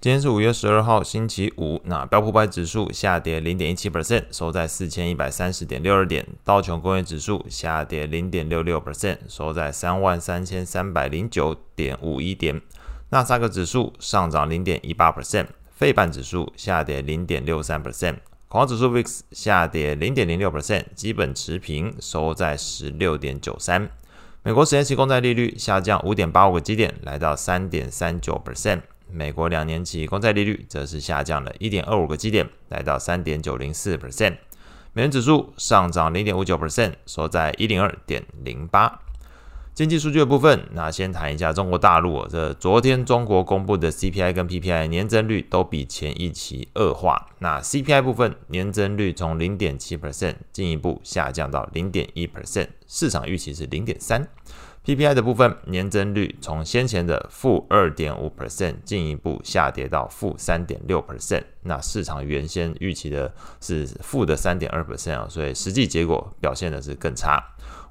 今天是五月十二號，星期五。那標普五百指數下跌零點一七 percent，收在四千一百三十點六二點。道瓊工業指數下跌零點六六 percent，收在三萬三千三百零九點五一點。納斯達克指數上漲零點一八 percent，費半指數下跌零點六三 percent，恐慌指數 VIX 下跌零點零六 percent，基本持平，收在十六點九三。美國十年期公債利率下降五點八五個基點，來到三點三九 percent。美國兩年期公債利率則是下降了1.25個基點，來到3.904%。美元指數上漲0.59%，收在102.08。經濟數據的部分，那先談一下中國大陸。這昨天中國公布的 CPI 跟 PPI 年增率都比前一期惡化。那 CPI 部分年增率從0.7%進一步下降到0.1%，市場預期是0.3。PPI 的部分年增率，從先前的負二點五 percent 進一步下跌到負三點六 percent，那市場原先預期的是負的三點二 percent 啊，所以實際結果表現的是更差。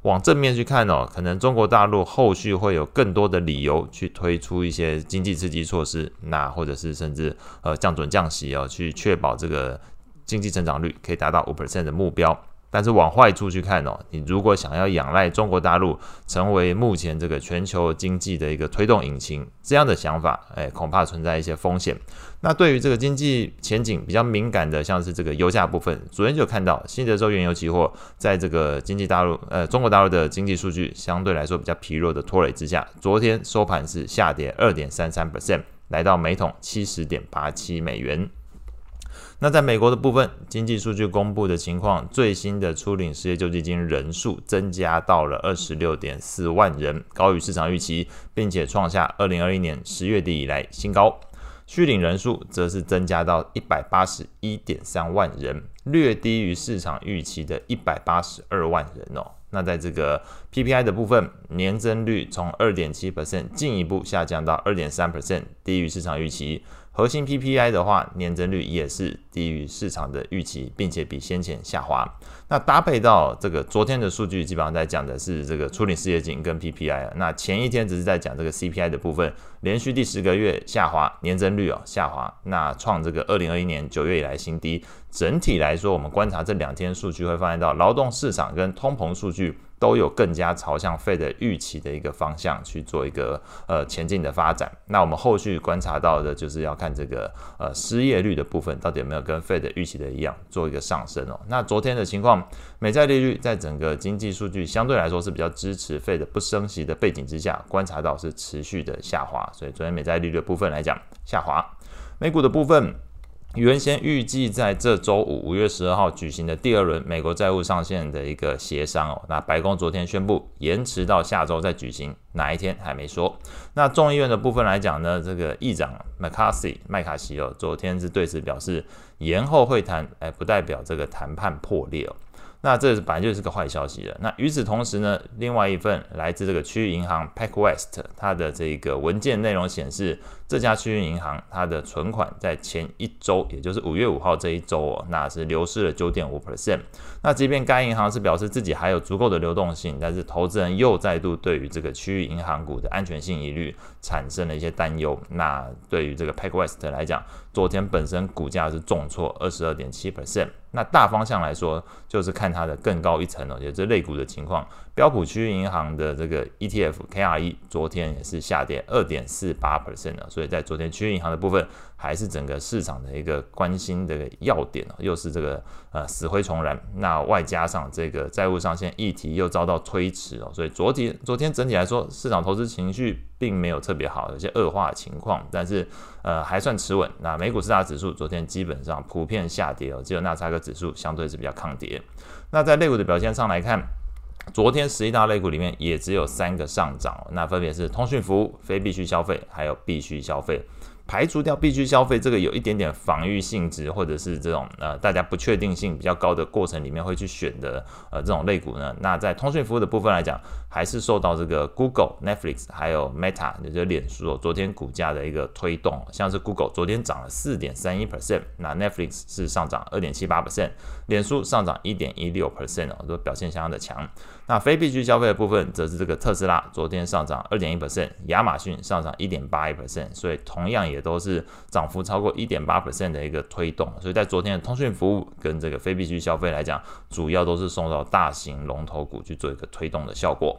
往正面去看哦，可能中國大陸後續會有更多的理由去推出一些經濟刺激措施，那或者是甚至呃降準降息哦，去確保這個經濟成長率可以達到五 percent 的目標。但是往壞處去看哦，你如果想要仰賴中國大陸成為目前這個全球經濟的一個推動引擎，這樣的想法，哎，恐怕存在一些風險。那對於這個經濟前景比較敏感的，像是這個油價部分，昨天就看到西德州原油期貨在這個經濟大陸，呃，中國大陸的經濟數據相對來說比較疲弱的拖累之下，昨天收盤是下跌二點三三 percent，來到每桶七十點八七美元。那在美國的部分經濟數據公布的情況，最新的初領失業救濟金人數增加到了二十六點四萬人，高於市場預期，並且創下二零二一年十月底以來新高。續領人數則是增加到一百八十一點三萬人，略低於市場預期的一百八十二萬人哦。那在這個 PPI 的部分，年增率從二點七 percent 進一步下降到二點三 percent，低於市場預期。核心 PPI 的話，年增率也是低於市場的預期，並且比先前下滑。那搭配到這個昨天的數據，基本上在講的是這個初領失業金跟 PPI 啊。那前一天只是在講這個 CPI 的部分，連續第十個月下滑，年增率哦下滑，那創這個二零二一年九月以來新低。整體來說，我們觀察這兩天數據會發現到勞動市場跟通膨數據。都有更加朝向 FED 預期的一個方向去做一個呃前進的發展。那我們後續觀察到的就是要看這個呃失業率的部分到底有沒有跟 FED 預期的一樣做一個上升哦。那昨天的情況，美債利率在整個經濟數據相對來說是比較支持 FED 不升息的背景之下，觀察到是持續的下滑。所以昨天美債利率的部分來講下滑，美股的部分。原先預計在這周五五月十二號舉行的第二輪美國債務上限的一個協商哦，那白宮昨天宣布延遲到下周再舉行，哪一天還沒說。那眾議院的部分來講呢，這個議長麥卡錫、麥卡錫哦，昨天是對此表示延後會談，哎，不代表這個談判破裂哦。那這本來就是個壞消息了。那與此同時呢，另外一份來自這個區域銀行 PacWest，它的這個文件內容顯示，這家區域銀行它的存款在前一週，也就是五月五號這一週哦，那是流失了九點五 percent。那即便該銀行是表示自己還有足夠的流動性，但是投資人又再度對於這個區域銀行股的安全性疑慮產生了一些擔憂。那對於這個 PacWest 來講，昨天本身股價是重挫二十二點七 percent。那大方向來說，就是看它的更高一層哦。也就是類股的情況，標普區域銀行的這個 ETF KRE，昨天也是下跌二點四八 percent 所以在昨天區域銀行的部分。還是整個市場的一個關心的要點哦，又是這個呃死灰復燃。那外加上這個債務上限議題又遭到推遲哦，所以昨天昨天整體來說，市場投資情緒並沒有特別好，有些惡化情況，但是呃還算持穩。那美股四大指數昨天基本上普遍下跌哦，只有納斯達克指數相對是比較抗跌。那在類股的表現上來看，昨天十一大類股裡面也只有三個上漲哦，那分別是通訊服務、非必需消費還有必需消費。排除掉必需消費這個有一點點防御性質，或者是這種呃大家不確定性比較高的過程裡面會去選的呃這種類股呢，那在通訊服務的部分來講。還是受到這個 Google、Netflix、還有 Meta，也就是臉書、哦，昨天股價的一個推動。像是 Google 昨天漲了四點三一 percent，那 Netflix 是上漲二點七八 percent，臉書上漲一點一六 percent，都表現相當的強。那非必需消費的部分，則是這個特斯拉昨天上漲二點一 percent，亞馬遜上漲一點八一 percent，所以同樣也都是漲幅超過一點八 percent 的一個推動。所以在昨天的通訊服務跟這個非必需消費來講，主要都是送到大型龍頭股去做一個推動的效果。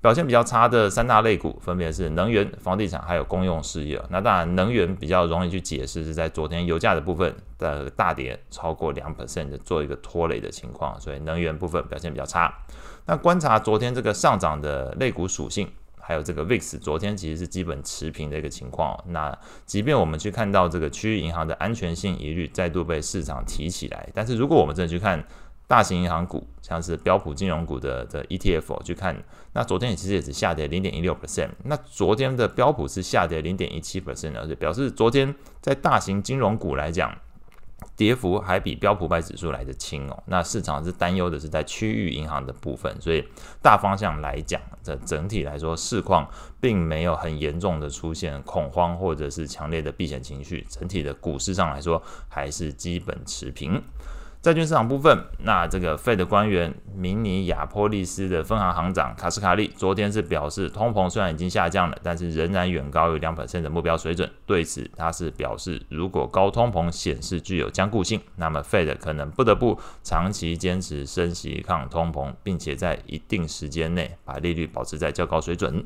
表現比較差的三大類股分別是能源、房地產還有公用事業。那當然，能源比較容易去解釋，是在昨天油價的部分的大跌超過兩 percent，做一個拖累的情況，所以能源部分表現比較差。那觀察昨天這個上漲的類股屬性，還有這個 VIX，昨天其實是基本持平的一個情況。那即便我們去看到這個區域銀行的安全性疑慮再度被市場提起來，但是如果我們真的去看，大型銀行股，像是標普金融股的的 ETF，去看，那昨天其實也是下跌零點一六 percent，那昨天的標普是下跌零點一七 percent 而且表示昨天在大型金融股來講，跌幅還比標普派指數來得輕哦。那市場是擔憂的是在區域銀行的部分，所以大方向來講，整體來說市況並沒有很嚴重的出現恐慌或者是強烈的避險情緒，整體的股市上來說還是基本持平。債券市場部分，那這個費的官員明尼亞波利斯的分行行長卡斯卡利昨天是表示，通膨雖然已經下降了，但是仍然遠高於2%的目標水準。對此，他是表示，如果高通膨顯示具有僵固性，那麼費的可能不得不長期堅持升息抗通膨，並且在一定時間內把利率保持在較高水準。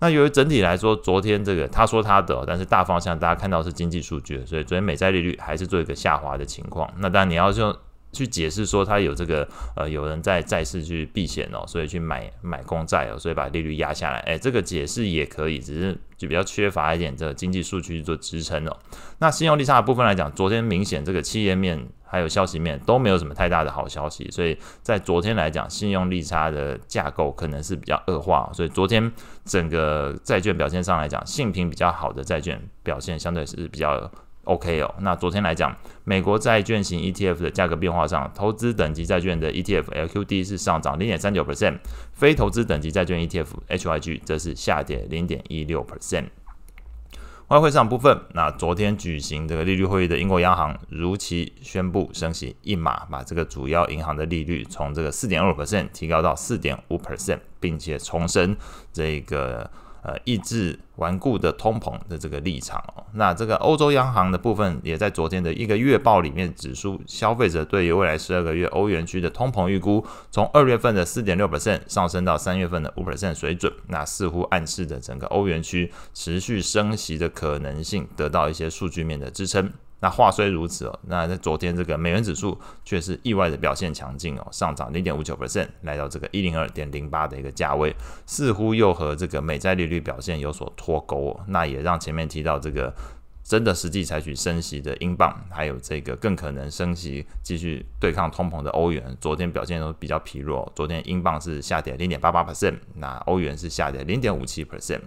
那由於整體來說，昨天這個他說他的，但是大方向大家看到是經濟數據，所以昨天美債利率還是做一個下滑的情況。那當然你要用。去解釋說，他有這個呃有人在債市去避險哦、喔，所以去買買公債哦、喔，所以把利率壓下來，哎、欸，這個解釋也可以，只是就比較缺乏一點這個經濟數據去做支撐哦、喔。那信用利差的部分來講，昨天明顯這個企業面還有消息面都沒有什麼太大的好消息，所以在昨天來講，信用利差的架構可能是比較惡化、喔，所以昨天整個債券表現上來講，信評比較好的債券表現相對是比較。OK 哦，那昨天來講，美國債券型 ETF 的價格變化上，投資等級債券的 ETF LQD 是上漲零點三九 percent，非投資等級債券 ETF HYG 則是下跌零點一六 percent。外匯上部分，那昨天舉行這個利率會議的英國央行如期宣布升息一碼，把這個主要銀行的利率從這個四點二五 percent 提高到四點五 percent，並且重申這個。呃，抑制頑固的通膨的這個立場哦，那這個歐洲央行的部分也在昨天的一個月報裡面指出，消費者對於未來十二個月歐元區的通膨預估，從二月份的四點六 percent 上升到三月份的五 percent 水準，那似乎暗示着整個歐元區持續升息的可能性得到一些數據面的支撐。那話雖如此哦，那在昨天這個美元指數卻是意外的表現強勁哦，上漲零點五九 percent，來到這個一零二點零八的一個價位，似乎又和這個美債利率表現有所脫鈎哦。那也讓前面提到這個真的實際採取升息的英鎊，還有這個更可能升息繼續對抗通膨的歐元，昨天表現都比較疲弱哦。昨天英鎊是下跌零點八八 percent，那歐元是下跌零點五七 percent。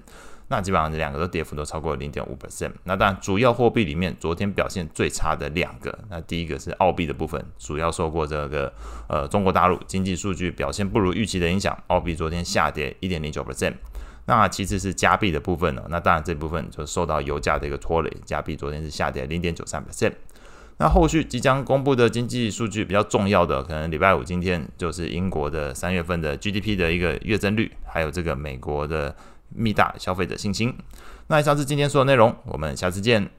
那基本上兩個都跌幅都超過零點五 percent。那當然，主要貨幣裡面昨天表現最差的兩個，那第一個是澳幣的部分，主要受過這個呃中國大陸經濟數據表現不如預期的影響，澳幣昨天下跌一點零九 percent。那其次是加幣的部分呢、哦，那當然這部分就受到油價的一個拖累，加幣昨天是下跌零點九三 percent。那後續即將公布的經濟數據比較重要的，可能禮拜五今天就是英國的三月份的 GDP 的一個月增率，還有這個美國的。密大消費者信心。那以上是今天所有內容，我們下次見。